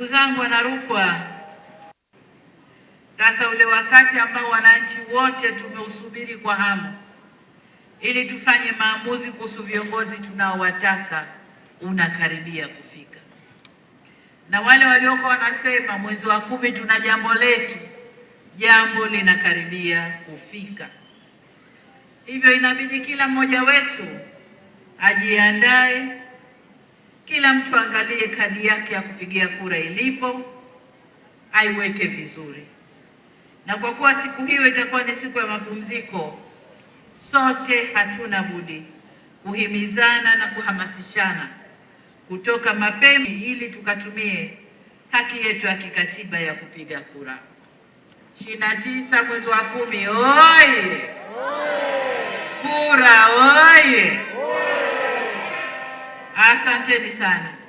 Ndugu zangu Wanarukwa, sasa ule wakati ambao wananchi wote tumeusubiri kwa hamu ili tufanye maamuzi kuhusu viongozi tunaowataka unakaribia kufika, na wale walioko wanasema mwezi wa kumi tuna jambo letu, jambo linakaribia kufika. Hivyo inabidi kila mmoja wetu ajiandae kila mtu angalie kadi yake ya kupigia kura ilipo, aiweke vizuri. Na kwa kuwa siku hiyo itakuwa ni siku ya mapumziko, sote hatuna budi kuhimizana na kuhamasishana kutoka mapema, ili tukatumie haki yetu ya kikatiba ya kupiga kura shina tisa mwezi wa kumi. Oye kura oye! Asanteni sana.